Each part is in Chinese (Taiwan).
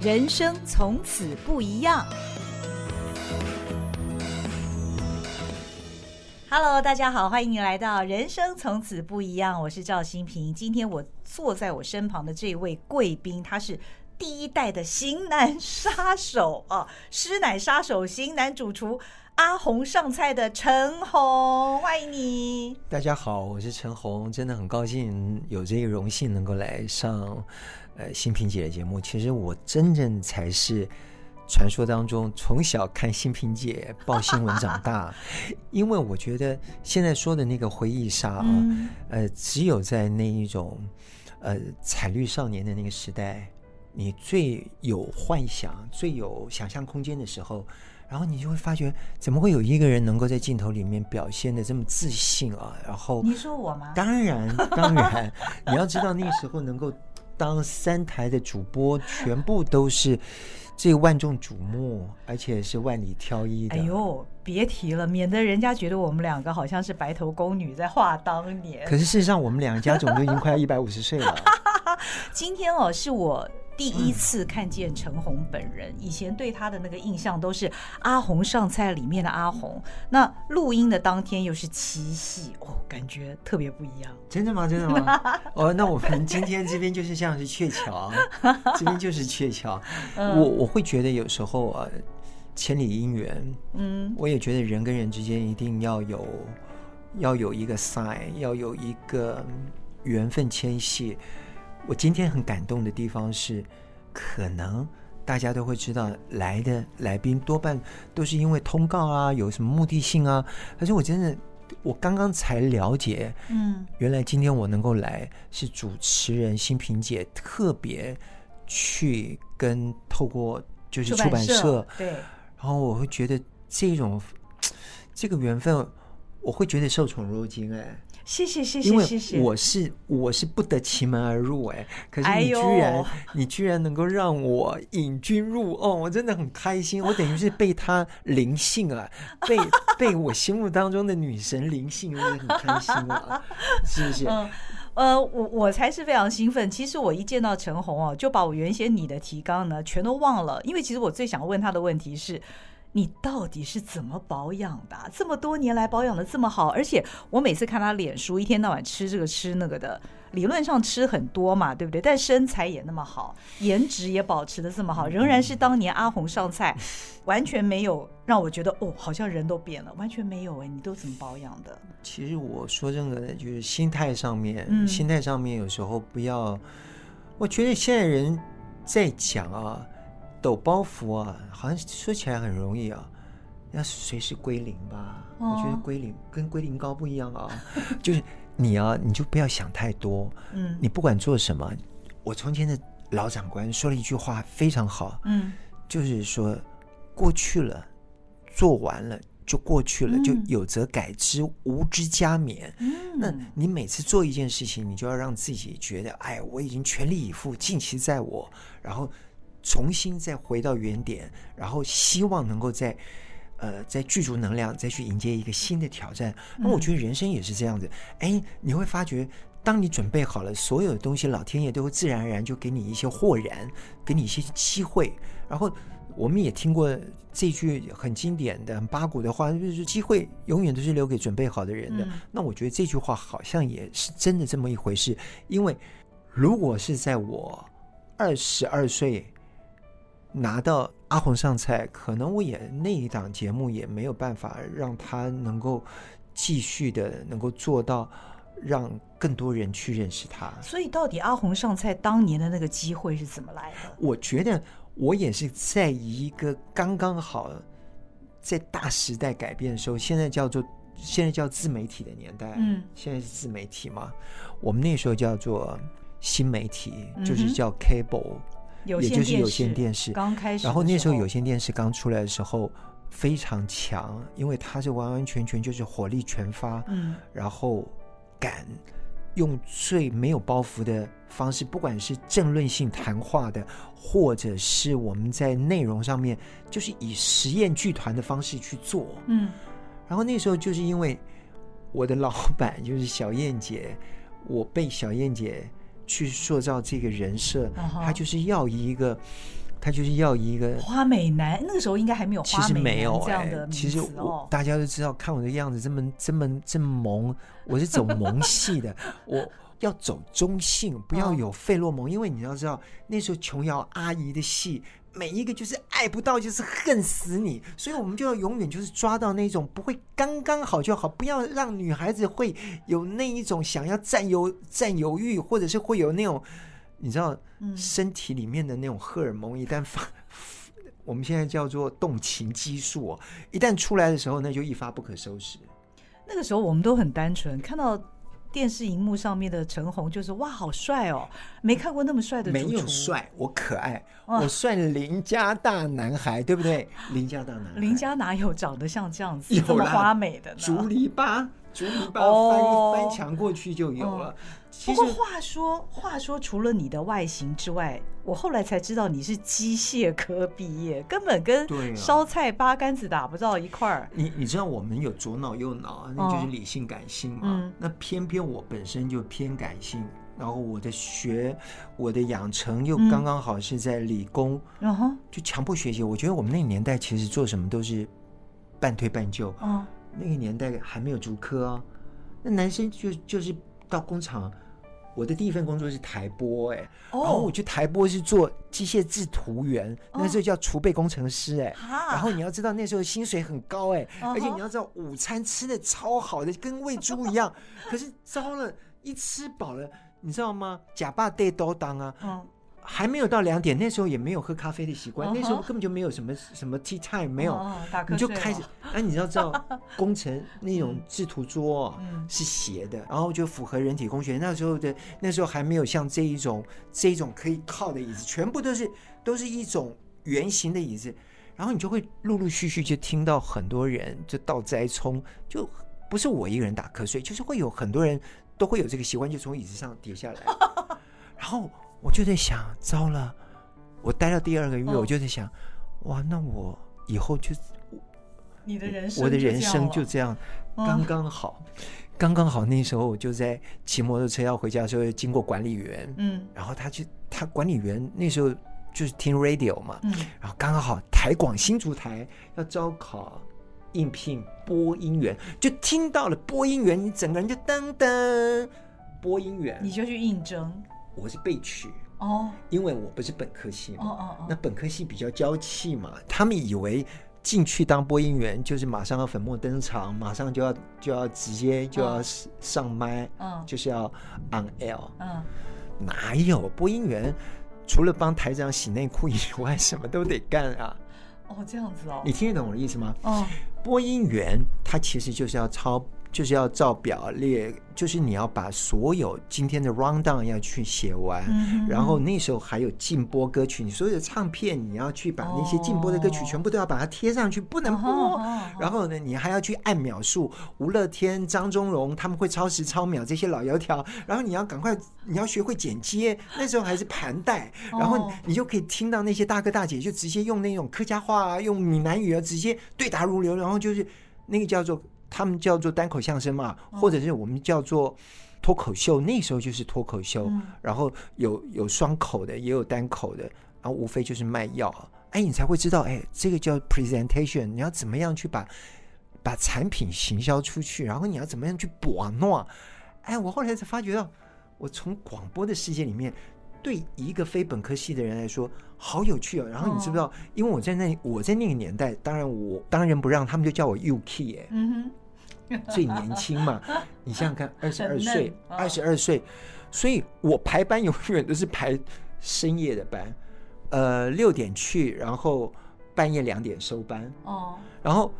人生從此不一樣。Hello，大家好，歡迎你來到《人生從此不一樣》，我是趙心屏。今天我坐在我身旁的這位貴賓，他是第一代的型男殺手啊，師奶殺手型男主廚阿鴻上菜的陳鴻，歡迎你。大家好，我是陳鴻，真的很高興有這個榮幸能夠來上。呃，心屏姐的節目，其實我真正才是傳說當中從小看心屏姐報新聞長大， 因為我覺得現在說的那個回憶殺啊，呃，只有在那一種呃彩綠少年的那個時代，你最有幻想、最有想象空間的時候，然後你就會發覺，怎麼會有一個人能夠在鏡頭裡面表現得這麼自信啊？然後你說我嗎？當然，當然，你要知道那時候能夠。當三台的主播全部都是，這萬眾矚目，而且是萬里挑一的。哎呦，別提了，免得人家覺得我們兩個好像是白頭宮女在話當年。可是事實上，我們兩家總 都已經快要一百五十歲了。今天哦，是我。第一次看見陳鴻本人，嗯、以前對她的那個印象都是《阿鴻上菜》裡面的阿鴻。嗯、那錄音的當天又是七夕，哦，感覺特別不一樣。真的嗎？真的嗎？哦， oh, 那我們今天這邊就是像是鵲橋， 這邊就是鵲橋。 嗯、我我會覺得有時候啊，千里姻緣。嗯。我也覺得人跟人之間一定要有，要有一個 sign，要有一個緣分牽繫。我今天很感動的地方是，可能大家都會知道來的來賓多半都是因為通告啊，有什麼目的性啊。可是我真的，我剛剛才了解，嗯，原來今天我能夠來是主持人心屏姐特別去跟透過就是出版社，出版社，對。然後我會覺得這種這個緣分，我會覺得受寵若驚哎、欸。謝謝謝謝謝謝，我是我是不得其門而入哎、欸，可是你居然、哎、呦你居然能夠讓我引君入甕、哦，我真的很開心，我等於是被他臨幸啊， 被被我心目當中的女神臨幸，我也很開心啊，是不是？嗯，呃，我我才是非常興奮。其實我一見到陳鴻哦，就把我原先你的提綱呢全都忘了，因為其實我最想問他的問題是。你到底是怎麼保養的啊？這麼多年來保養的這麼好，而且我每次看他臉書，一天到晚吃這個吃那個的，理論上吃很多嘛，對不對？但身材也那麼好，顏值也保持的這麼好，仍然是當年阿鴻上菜，嗯、完全沒有讓我覺得哦，好像人都變了，完全沒有哎。你都怎麼保養的？其實我說真的，就是心態上面，嗯、心態上面有時候不要，我覺得現在人在講啊。抖包袱啊，好像說起來很容易啊，要隨時歸零吧。哦、我覺得歸零跟歸零高不一樣啊， 就是你啊，你就不要想太多。嗯，你不管做什麼，我從前的老長官說了一句話非常好，嗯，就是說過去了，做完了就過去了，嗯、就有則改之，無則加勉。嗯、那你每次做一件事情，你就要讓自己覺得，哎，我已經全力以赴，盡其在我，然後。重新再回到原點，然後希望能夠再呃再具足能量，再去迎接一個新的挑戰。嗯、那我覺得人生也是這樣子，哎，你會發覺，當你準備好了所有的東西，老天爺都會自然而然就給你一些豁然，給你一些機會。然後我們也聽過這句很經典的八股的話，就是機會永遠都是留給準備好的人的。嗯、那我覺得這句話好像也是真的這麼一回事，因為如果是在我二十二歲。拿到阿鴻上菜，可能我也那一檔節目也沒有辦法讓他能夠繼續的能夠做到讓更多人去認識他。所以，到底阿鴻上菜當年的那個機會是怎麼來的？我覺得我也是在一個剛剛好在大時代改變的時候，現在叫做現在叫自媒體的年代。嗯，現在是自媒體嘛？我們那時候叫做新媒體，就是叫 cable。嗯有，也就是有線電視剛開始，然後那時候有線電視剛出來的時候非常強，因為它是完完全全就是火力全發，嗯，然後敢用最沒有包袱的方式，不管是政論性談話的，或者是我們在內容上面，就是以實驗劇團的方式去做，嗯，然後那時候就是因為我的老板就是小燕姐，我被小燕姐。去塑造這個人設，uh huh、他就是要一個，他就是要一個花美男。那個時候應該還沒有花美男這樣的名詞。其實沒有，其實我，大家都知道，看我的樣子這麼這麼這麼萌，我是走萌系的， 我要走中性，不要有費洛蒙，uh huh. 因為你要知道那時候瓊瑤阿姨的戲。每一個就是愛不到就是恨死你，所以我們就要永遠就是抓到那種不會剛剛好就好，不要讓女孩子會有那一種想要佔有佔有慾，或者是會有那種你知道，身體裡面的那種荷爾蒙、嗯、一旦發，我們現在叫做動情激素，一旦出來的時候，那就一發不可收拾。那個時候我們都很單純，看到。電視熒幕上面的陳鴻就是哇，好帥哦！沒看過那麼帥的竹竹。沒有帥，我可愛，嗯、我算鄰家大男孩，對不對？鄰家大男孩，鄰家哪有長得像這樣子有啦這麼花美的呢？竹籬笆。行李翻牆過去就有了。Oh, oh. 其實不過話說，話說除了你的外形之外，我後來才知道你是機械科畢業，根本跟燒菜八竿子打不到一塊兒、啊。你你知道我們有左腦右腦，那就是理性感性嘛。Oh, 那偏偏我本身就偏感性，um, 然後我的學，我的養成又剛剛好是在理工，uh huh. 就強迫學習。我覺得我們那個年代其實做什麼都是半推半就，oh. 那個年代還沒有竹科、哦，那男生就就是到工廠。我的第一份工作是台播，哎，oh. 然後我去台播是做機械製圖員，oh. 那時候叫儲備工程師，哎，Huh. 然後你要知道那時候薪水很高，哎，oh. 而且你要知道午餐吃得超好的，跟餵豬一樣。 可是糟了，一吃飽了，你知道嗎？假爸爹都當啊。Oh. 還沒有到兩點，那時候也沒有喝咖啡的習慣，uh huh. 那時候根本就沒有什麼什麼 tea time，沒有，uh huh. 你就開始，那、uh huh. 啊、你知道，知道 工程那種製圖桌是斜的，uh huh. 然後就符合人體工學。那時候的那時候，還沒有像這一種這一種可以靠的椅子，全部都是都是一種圓形的椅子，然後你就會陸陸續續就聽到很多人就倒栽蔥，就不是我一個人打瞌睡，就是會有很多人都會有這個習慣，就從椅子上跌下來，uh huh. 然後。我就在想，糟了！我待到第二個月，oh. 我就在想，哇，那我以後就，你的人生，我的人生就這樣，oh. 剛剛好，剛剛好。那時候我就在騎摩托車要回家的時候，經過管理員，嗯，mm. 然後他去，他管理員那時候就是聽 radio 嘛，嗯，mm. 然後剛剛好台廣新竹台要招考應聘播音員，就聽到了播音員，你整個人就噔噔，播音員，你就去應徵。我是被取哦，oh, 因為我不是本科系嘛，oh, oh, oh. 那本科系比較嬌氣嘛，他們以為進去當播音員就是馬上要粉墨登場，馬上就要就要直接就要上麥，嗯，uh, uh, 就是要 on air，uh, uh, 哪有播音員除了幫台長洗內褲以外什麼都得幹啊？哦，oh, 這樣子哦，你聽得懂我的意思嗎？嗯，oh. 播音員他其實就是要操。就是要照表列，就是你要把所有今天的 round down 要去寫完，嗯、然後那時候還有禁播歌曲，你所有的唱片你要去把那些禁播的歌曲全部都要把它貼上去，哦、不能播。哦哦、然後呢，你還要去按秒數，吳樂天、張宗榮他們會超時超秒這些老油條。然後你要趕快，你要學會剪接。那時候還是盤帶，然後你就可以聽到那些大哥大姐就直接用那種客家話啊，用閩南語啊，直接對答如流。然後就是那個叫做。他們叫做單口相聲嘛，或者是我們叫做脫口秀，哦、那時候就是脫口秀。嗯、然後有有雙口的，也有單口的，然後無非就是賣藥。哎，你才會知道，哎，這個叫 presentation，你要怎麼樣去把把產品行銷出去，然後你要怎麼樣去播弄。哎，我後來才發覺到，我從廣播的世界裡面。對一個非本科系的人來說，好有趣哦。然後你知不知道？哦、因為我在那，我在那個年代，當然我當然不讓，他們就叫我 UK 哎，嗯、哼 最年輕嘛。你想想看，二十二歲，二十二歲，所以我排班永遠都是排深夜的班，呃，六點去，然後半夜兩點收班哦。然後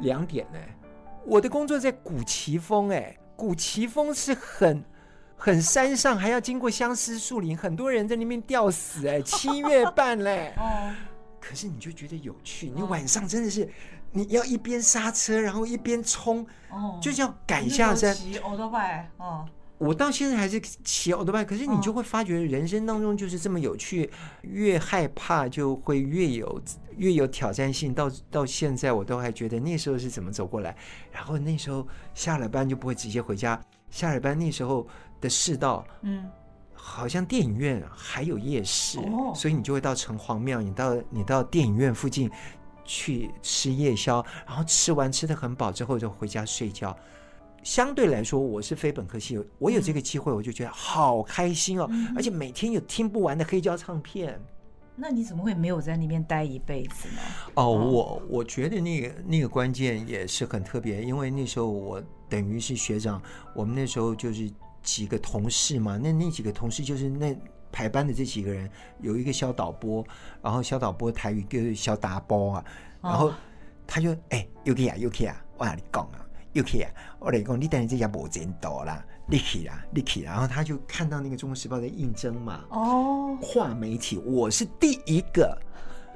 兩點呢，我的工作在古奇峰哎，古奇峰是很很山上，還要經過相思樹林，很多人在那邊吊死哎、欸，七 月半嘞。哦，oh. 可是你就覺得有趣，oh. 你晚上真的是你要一邊剎車，然後一邊衝，哦，oh. 就是要趕下山。騎歐德拜，哦就，oh. 我到現在還是騎歐德拜。Oh. 可是你就會發覺，人生當中就是這麼有趣，oh. 越害怕就會越有越有挑戰性。到到現在，我都還覺得那時候是怎麼走過來。然後那時候下了班就不會直接回家，下了班那時候。的世道，嗯，好像電影院還有夜市，哦，所以你就會到城隍廟，你到你到電影院附近去吃夜宵，然後吃完吃得很飽之後就回家睡覺。相對來說，我是非本科系，我有這個機會，我就覺得好開心哦，嗯，而且每天有聽不完的黑膠唱片。那你怎麼會沒有在那邊待一輩子呢？哦，我我覺得那個那個關鍵也是很特別，因為那時候我等於是學長，我們那時候就是。幾個同事嘛，那那幾個同事就是那排班的這幾個人，有一個小導播，然後小導播台語就是小打包啊，然後他就、哦、哎又去啊又去啊，往那裡講啊又去啊，我來講、啊啊、我你，講你等下這家播真多了，你去啦你起啦，然後他就看到那個《中國時報》在應徵嘛，哦，跨媒體，我是第一個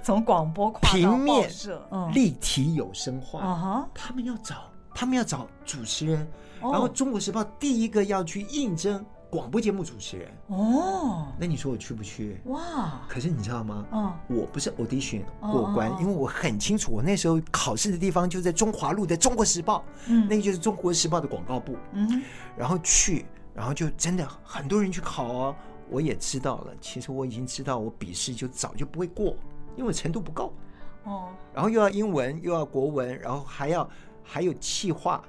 從廣播跨到報社，平面立體有聲化，嗯嗯、他們要找他們要找主持人。然後《中國時報》第一個要去應徵廣播節目主持人哦，那你說我去不去？哇！可是你知道嗎？嗯，我不是 audition 過關，因為我很清楚，我那時候考試的地方就在中華路的《中國時報》，嗯，那個就是《中國時報》的廣告部，嗯，然後去，然後就真的很多人去考哦。我也知道了，其實我已經知道我筆試就早就不會過，因為我程度不夠，哦，然後又要英文，又要國文，然後還要還有企劃。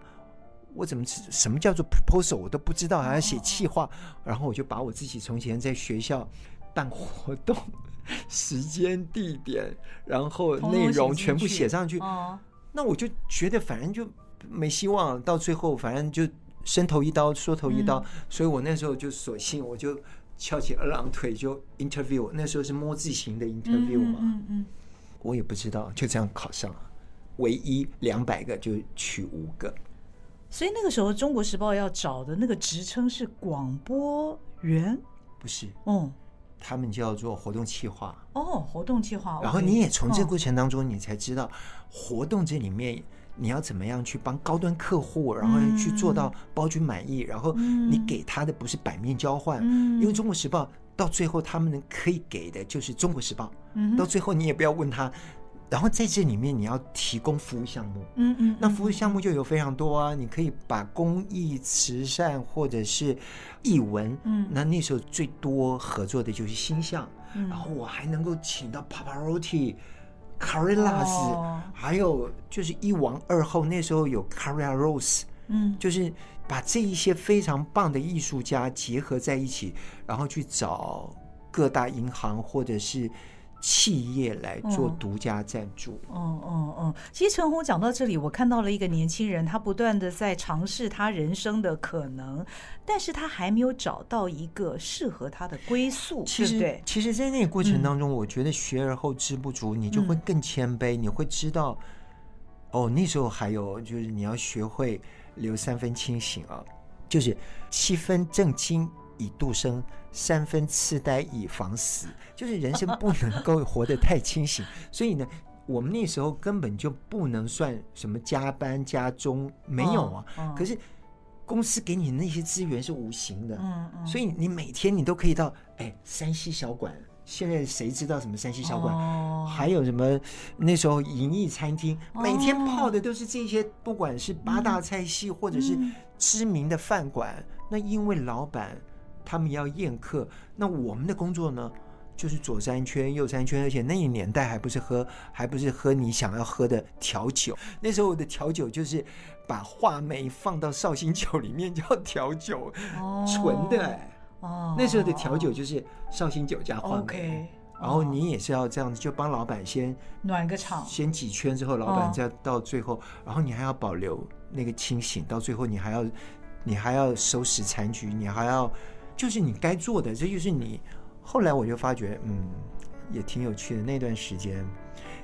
我怎麼什麼叫做 proposal？我都不知道，還要寫企劃。哦、然後我就把我自己從前在學校辦活動時間、地點，然後內容全部寫上去。哦、那我就覺得反正就沒希望，到最後反正就伸頭一刀，縮頭一刀。嗯、所以我那時候就索性我就翹起二郎腿就 interview。那時候是摸字形的 interview 嘛。嗯嗯嗯嗯，我也不知道，就這樣考上了。唯一兩百個就取五個。所以那個時候，《中國時報》要找的那個職稱是廣播員，不是？嗯，他們叫做活動企劃。哦，活動企劃。然後你也從這個過程當中，你才知道活動這裡面你要怎麼樣去幫高端客戶，嗯、然後去做到包君滿意。然後你給他的不是版面交換，嗯、因為《中國時報》到最後他們能可以給的就是《中國時報》嗯哼。到最後你也不要問他。然後在這裡面，你要提供服務項目，嗯嗯，嗯，那服務項目就有非常多啊。嗯嗯、你可以把公益、慈善、或者是藝文，嗯，那那時候最多合作的就是新象，嗯、然後我還能夠請到 Pavarotti Car、哦、Carillas，還有就是一王二後，那時候有 Carla Rose，嗯，就是把這一些非常棒的藝術家結合在一起，然後去找各大銀行或者是。企業來做獨家贊助。嗯嗯嗯，其實陳鴻講到這裡，我看到了一個年輕人，他不斷的在嘗試他人生的可能，但是他還沒有找到一個適合他的歸宿，對不對？其實，對對其實在那個過程當中，嗯、我覺得學而後知不足，你就會更謙卑，嗯、你會知道，哦，那時候還有就是你要學會留三分清醒啊，就是七分正清以度生，三分痴呆以防死，就是人生不能夠活得太清醒。 所以呢，我們那時候根本就不能算什麼加班加鐘，沒有啊。哦嗯、可是公司給你那些資源是無形的，嗯嗯、所以你每天你都可以到，哎，山西小館，現在誰知道什麼山西小館？哦、還有什麼那時候銀翼餐廳，哦、每天泡的都是這些，不管是八大菜系或者是知名的飯館，嗯嗯、那因為老闆。他們要宴客，那我們的工作呢，就是左三圈右三圈，而且那一年代還不是喝，還不是喝你想要喝的調酒。那時候的調酒就是把話梅放到紹興酒裡面叫調酒，oh, 純的。哦。Oh. 那時候的調酒就是紹興酒加話梅，oh. Okay . Oh. 然後你也是要這樣，就幫老板先暖個場，oh. 先幾圈之後，老板再到最後，oh. 然後你還要保留那個清醒，到最後你還要，你還要收拾殘局，你還要。就是你該做的，這就是你。後來我就發覺，嗯，也挺有趣的那段時間。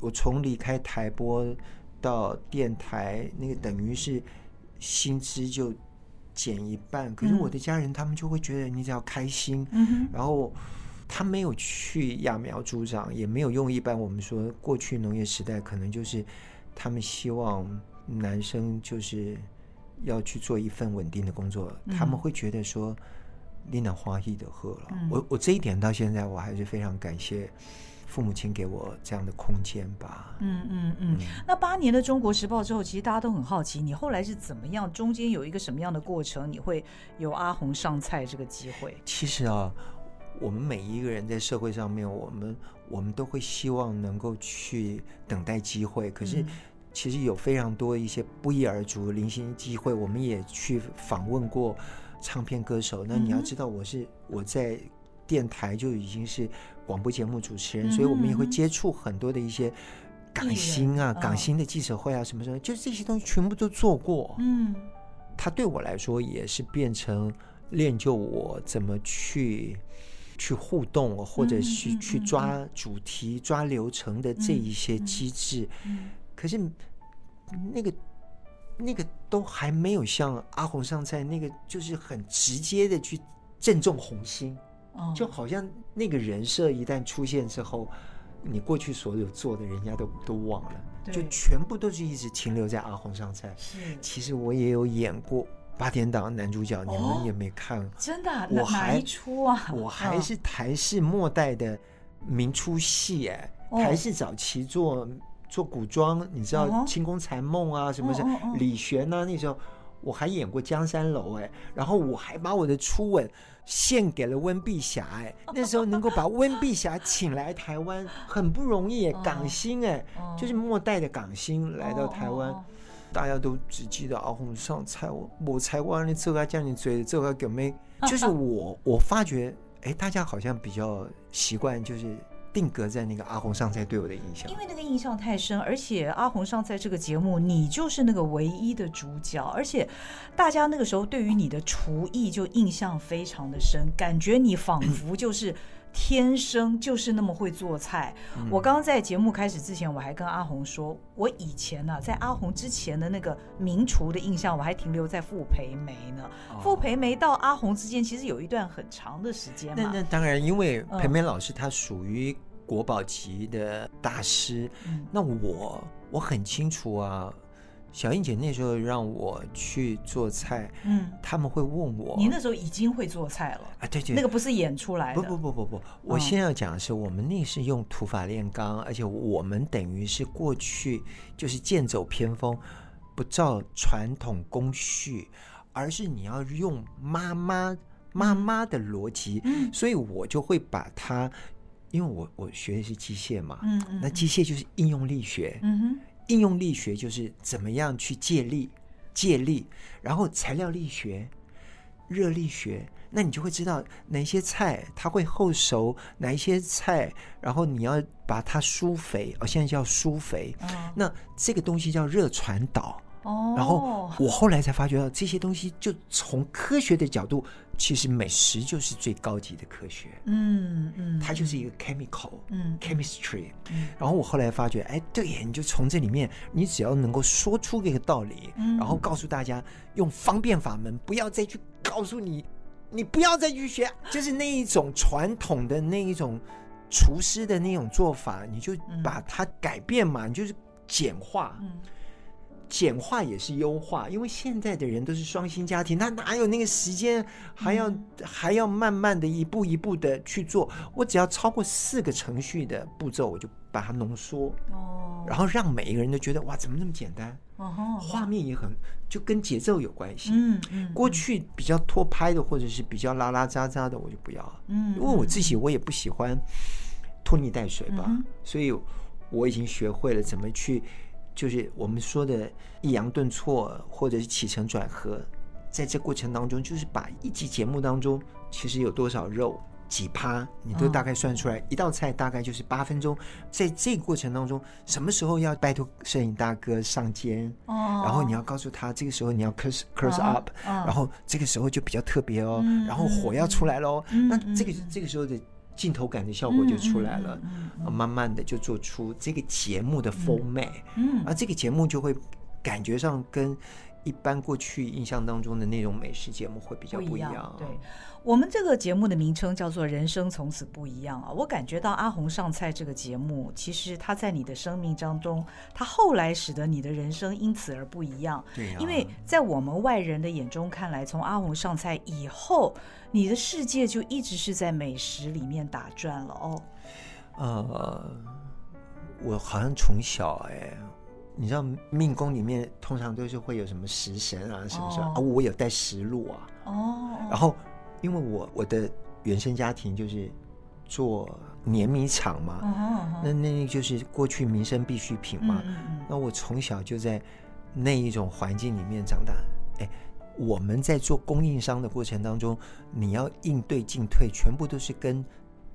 我從離開台播到電台，那個等於是薪資就減一半。可是我的家人他們就會覺得你只要開心，嗯、哼然後他沒有去揠苗助長，也沒有用一般我們說過去農業時代可能就是他們希望男生就是要去做一份穩定的工作，嗯、他們會覺得說你拿花一的喝了，嗯、我我這一點到現在我還是非常感謝。父母親給我這樣的空間吧。嗯嗯嗯。嗯嗯，那八年的《中國時報》之後，其實大家都很好奇，你後來是怎麼樣？中間有一個什麼樣的過程？你會有阿鴻上菜這個機會？其實啊，我們每一個人在社會上面，我們我們都會希望能夠去等待機會。可是，其實有非常多一些不一而足、嗯、零星機會。我們也去訪問過唱片歌手。那你要知道，我是、嗯、我在。電臺就已經是廣播節目主持人，嗯、所以我們也會接觸很多的一些港星啊、哦、港星的記者會啊什麼什麼，就這些東西全部都做過。嗯，他對我來說也是變成練就我怎麼去去互動，或者是去抓主題、嗯、抓流程的這一些機制。嗯嗯嗯、可是那個那個都還沒有像阿鴻上菜那個就是很直接的去正中紅心。就好像那個人設一旦出現之後，你過去所有做的人家都都忘了，對就全部都是一直停留在《阿鴻上菜》。是，其實我也有演過八點檔男主角，oh, 你們也沒看。真的、啊？我還出啊？我還是台視末代的民初戲哎，oh, 台視早期做做古裝，你知道《清宮殘夢》啊什麼什麼、oh, oh, oh, oh, 李璇啊，那時候我還演過《江山樓》哎，然後我還把我的初吻。獻給了溫碧霞、欸，哎，那時候能夠把溫碧霞請來台灣 很不容易、欸，哎，港星，哎，就是末代的港星來到台灣， 大家都只記得阿鴻上菜，我才完了之後還叫你追，之後還更就是我，我發覺，哎、欸，大家好像比較習慣就是。定格在那個阿鴻上菜對我的印象，因為那個印象太深，而且阿鴻上菜這個節目，你就是那個唯一的主角，而且大家那個時候對於你的廚藝就印象非常的深，感覺你仿佛就是天生 就是那麼會做菜。嗯、我剛剛在節目開始之前，我還跟阿鴻說，我以前呢、啊，在阿鴻之前的那個名廚的印象，我還停留在傅培梅呢。哦、傅培梅到阿鴻之間，其實有一段很長的時間嘛。那那當然，因為培梅老師她屬於、嗯。國寶級的大師，嗯、那我我很清楚啊。小燕姐那時候讓我去做菜，嗯，他們會問我，你那時候已經會做菜了啊？對對，對，那個不是演出來的，不不不不不，哇我先要講的是，我們那是用土法煉鋼，而且我們等於是過去就是劍走偏鋒，不照傳統工序，而是你要用媽媽媽媽的邏輯，嗯，所以我就會把它。因為我我學的是機械嘛，嗯嗯、那機械就是應用力學，嗯、哼應用力學就是怎麼樣去借力借力，然後材料力學、熱力學，那你就會知道哪些菜它會後熟，哪一些菜，然後你要把它舒肥，哦，現在叫舒肥，嗯、那這個東西叫熱傳導。然後我後來才發覺到這些東西，就從科學的角度，其實美食就是最高級的科學。嗯嗯，嗯它就是一個 chemical，嗯，chemistry 嗯。然後我後來發覺，哎，對，你就從這裡面，你只要能夠說出這個道理，嗯，然後告訴大家用方便法門，不要再去告訴你，你不要再去學，就是那一種傳統的那一種廚師的那種做法，你就把它改變嘛，你就是簡化。嗯簡化也是優化，因為現在的人都是雙薪家庭，他哪有那個時間還要、嗯、還要慢慢的一步一步的去做？我只要超過四個程序，的步驟，我就把它濃縮，哦、然後讓每一個人都覺得哇，怎麼那麼簡單？哦、畫面也很就跟節奏有關係。嗯，嗯過去比較拖拍的或者是比較拉拉雜雜的，我就不要了。嗯，嗯因為我自己我也不喜歡拖泥帶水吧，嗯、所以我已經學會了怎麼去。就是我們說的抑揚頓挫，或者是起承轉合，在這過程當中，就是把一集節目當中其實有多少肉幾趴，你都大概算出來。一道菜大概就是八分鐘，在這個過程當中，什麼時候要拜托攝影大哥上肩，然後你要告訴他這個時候你要 close close up，然後這個時候就比較特別哦，然後火要出來嘍，那這個這個時候的。鏡頭感的效果就出來了，嗯嗯，慢慢的就做出這個節目的風貌，而這個節目就會感覺上跟。一般過去印象當中的那種美食節目會比較不一樣啊、不一樣。對，我們這個節目的名稱叫做《人生從此不一樣》啊。我感覺到阿鴻上菜這個節目，其實它在你的生命當中，它後來使得你的人生因此而不一樣。對，因為在我們外人的眼中看來，從阿鴻上菜以後，你的世界就一直是在美食裡面打轉了哦。呃，我好像從小哎。你知道命宮裡面通常都是會有什麼食神啊什麼什麼啊，啊。我有帶食祿啊。哦。然後，因為我我的原生家庭就是做碾米廠嘛，那那就是過去民生必需品嘛。那我從小就在那一種環境裡面長大。哎，我們在做供應商的過程當中，你要應對進退，全部都是跟。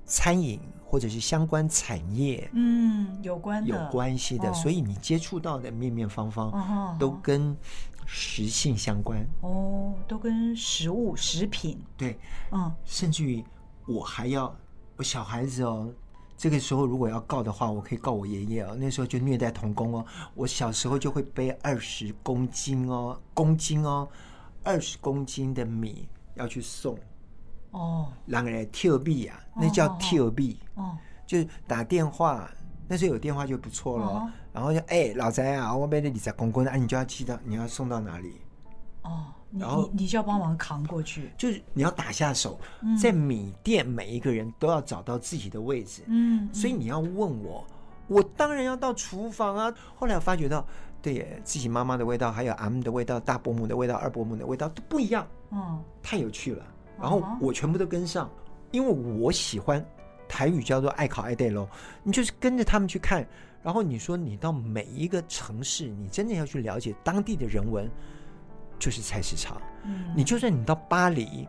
餐飲或者是相關產業，嗯，有關有關係的，哦，所以你接觸到的面面方方都跟食性相關哦，都跟食物、食品對，嗯，甚至於我還要我小孩子哦，這個時候如果要告的話，我可以告我爺爺哦，那時候就虐待童工哦，我小時候就會背二十公斤哦，公斤哦，二十公斤的米要去送。哦，兩個、oh, 人 t b 啊，那叫 t b 哦，oh, oh, oh. 就打電話，那時候有電話就不錯了。Oh, 然後就哎、欸，老宅啊，外面的你在公公的，你就要寄到，你要送到哪裡？哦，oh, 然後你,你就要幫忙扛過去。就是你要打下手，嗯、在米店每一個人都要找到自己的位置。嗯，所以你要問我，我當然要到廚房啊。後來我發覺到，對，自己媽媽的味道，還有阿母的味道，大伯母的味道，二伯母的味道都不一樣。嗯，oh. 太有趣了。然後我全部都跟上，因為我喜歡，台語叫做愛考愛帶嘍。你就是跟着他們去看，然後你說你到每一個城市，你真的要去了解當地的人文，就是菜市場。你就算你到巴黎，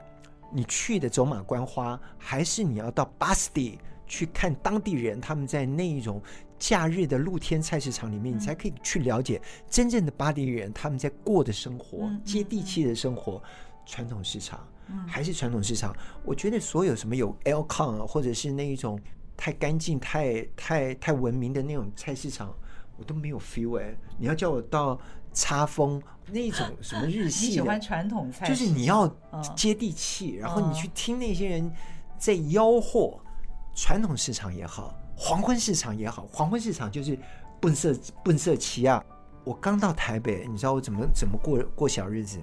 你去的走馬觀花，還是你要到巴士底去看當地人他們在那一種假日的露天菜市場裡面，你才可以去了解真正的巴黎人他們在過的生活，接地氣的生活，傳統市場。還是傳統市場，我覺得所有什麼有 air con 啊，或者是那一種太乾淨、太太太文明的那種菜市場，我都沒有 feel 哎。你要叫我到插風那一種什麼日系，你喜歡傳統菜，就是你要接地氣，然後你去聽那些人在吆喝。傳統市場也好，黃昏市場也好，黃昏市場就是蹦色蹦色期啊。我剛到台北，你知道我怎麼怎麼過過小日子？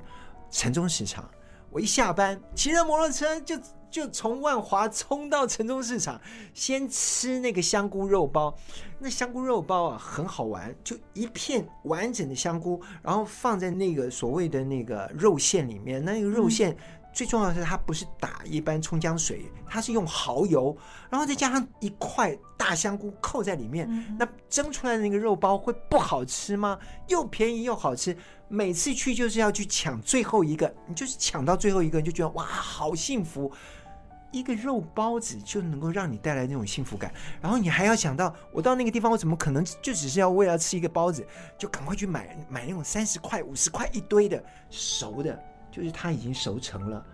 城中市場。我一下班，騎着摩托車就就從萬華衝到城中市場，先吃那個香菇肉包。那香菇肉包啊，很好玩，就一片完整的香菇，然後放在那個所謂的那個肉餡裡面。那那個肉餡。嗯最重要的是，它不是打一般蔥薑水，它是用蠔油，然後再加上一塊大香菇扣在裡面。那蒸出來的那個肉包會不好吃嗎？又便宜又好吃，每次去就是要去搶最後一個，你就是搶到最後一個你就覺得哇，好幸福！一個肉包子就能夠讓你帶來那種幸福感。然後你還要想到，我到那個地方，我怎麼可能就只是要為了吃一個包子，就趕快去買買那種三十塊、五十塊一堆的，熟的。就是它已經熟成了，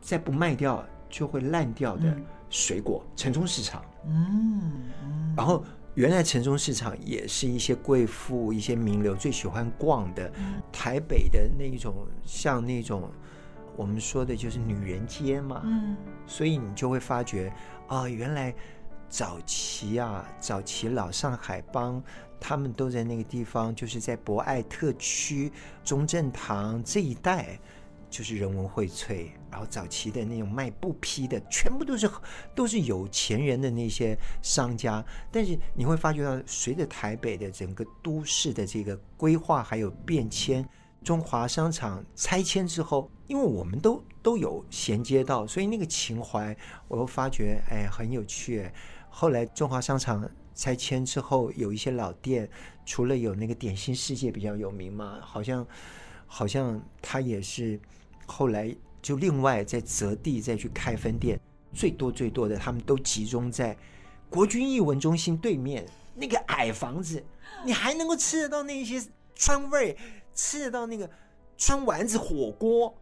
再不賣掉就會爛掉的水果。城中市場，嗯，然後原來城中市場也是一些貴婦、一些名流最喜歡逛的。台北的那一種，像那種我們說的就是女人街嘛，所以你就會發覺啊、哦，原來早期啊，早期老上海幫他們都在那個地方，就是在博愛特區、中正堂這一帶。就是人文薈萃，然後早期的那種賣布匹的，全部都是都是有錢人的那些商家。但是你會發覺到，隨着台北的整個都市的這個規劃還有變遷，中華商場拆遷之後，因為我們都都有銜接到，所以那個情懷我又發覺，哎，很有趣。後來中華商場拆遷之後，有一些老店，除了有那個點心世界比較有名嘛，好像好像他也是。後來就另外再擇地再去開分店，最多最多的他們都集中在國軍藝文中心對面那個矮房子，你還能夠吃得到那些川味，吃得到那個川丸子火鍋，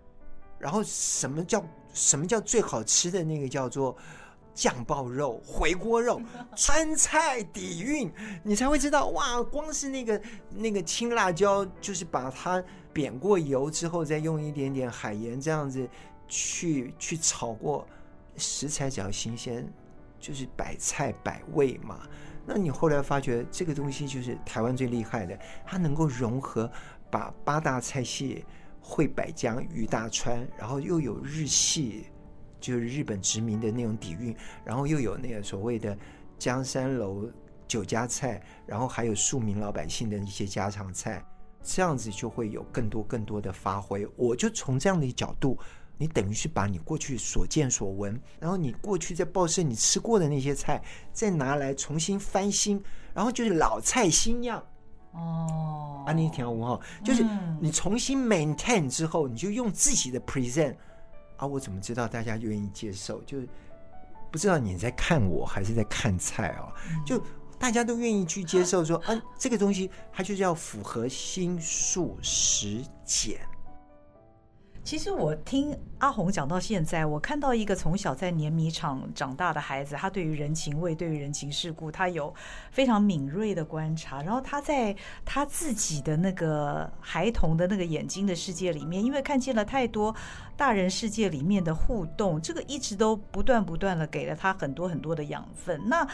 然後什麼叫什麼叫最好吃的那個叫做醬爆肉、回鍋肉、川菜底蘊，你才會知道哇！光是那個那個青辣椒就是把它。煸過油之後，再用一點點海鹽這樣子去去炒過食材，只要新鮮，就是百菜百味嘛。那你後來發覺這個東西就是台灣最厲害的，它能夠融合把八大菜系匯百江於大川，然後又有日系，就是日本殖民的那種底蘊，然後又有那個所謂的江山樓酒家菜，然後還有庶民老百姓的一些家常菜。這樣子就會有更多更多的發揮。我就從這樣的角度，你等於是把你過去所見所聞，然後你過去在報社你吃過的那些菜，再拿來重新翻新，然後就是老菜新樣。哦，啊、你妮跳文哈，嗯、就是你重新 maintain 之後，你就用自己的 present 啊，我怎麼知道大家願意接受？就是不知道你在看我還是在看菜啊？嗯、就。大家都願意去接受，說，嗯、啊，這個東西它就是要符合心術實踐。其實我聽阿鴻講到現在，我看到一個從小在碾米廠長大的孩子，他對於人情味、對於人情世故，他有非常敏銳的觀察。然後他在他自己的那個孩童的那個眼睛的世界裡面，因為看見了太多大人世界裡面的互動，這個一直都不斷不斷的給了他很多很多的養分。那。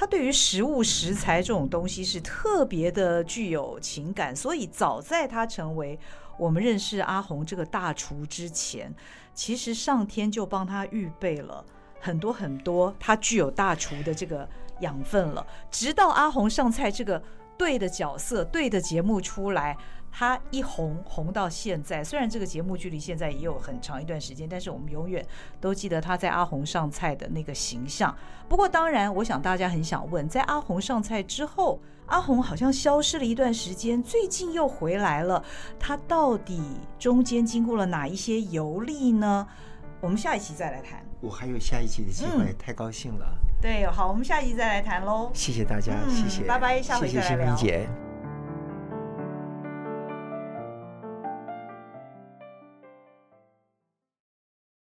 他對於食物食材、這種東西是特別的具有情感，所以早在他成為我們認識阿鴻這個大廚之前，其實上天就幫他預備了很多很多他具有大廚的這個養分了。直到阿鴻上菜這個對的角色、對的節目出來。他一紅紅到現在，雖然這個節目距離現在也有很長一段時間，但是我們永遠都記得他在阿鴻上菜的那個形象。不過，當然，我想大家很想問，在阿鴻上菜之後，阿鴻好像消失了一段時間，最近又回來了，他到底中間經過了哪一些遊歷呢？我們下一期再來談。我還有下一期的機會，嗯、太高興了。對，好，我們下一期再來談嘍。謝謝大家，嗯、謝謝。拜拜，下回謝，謝下回再來聊。謝謝心屏姐。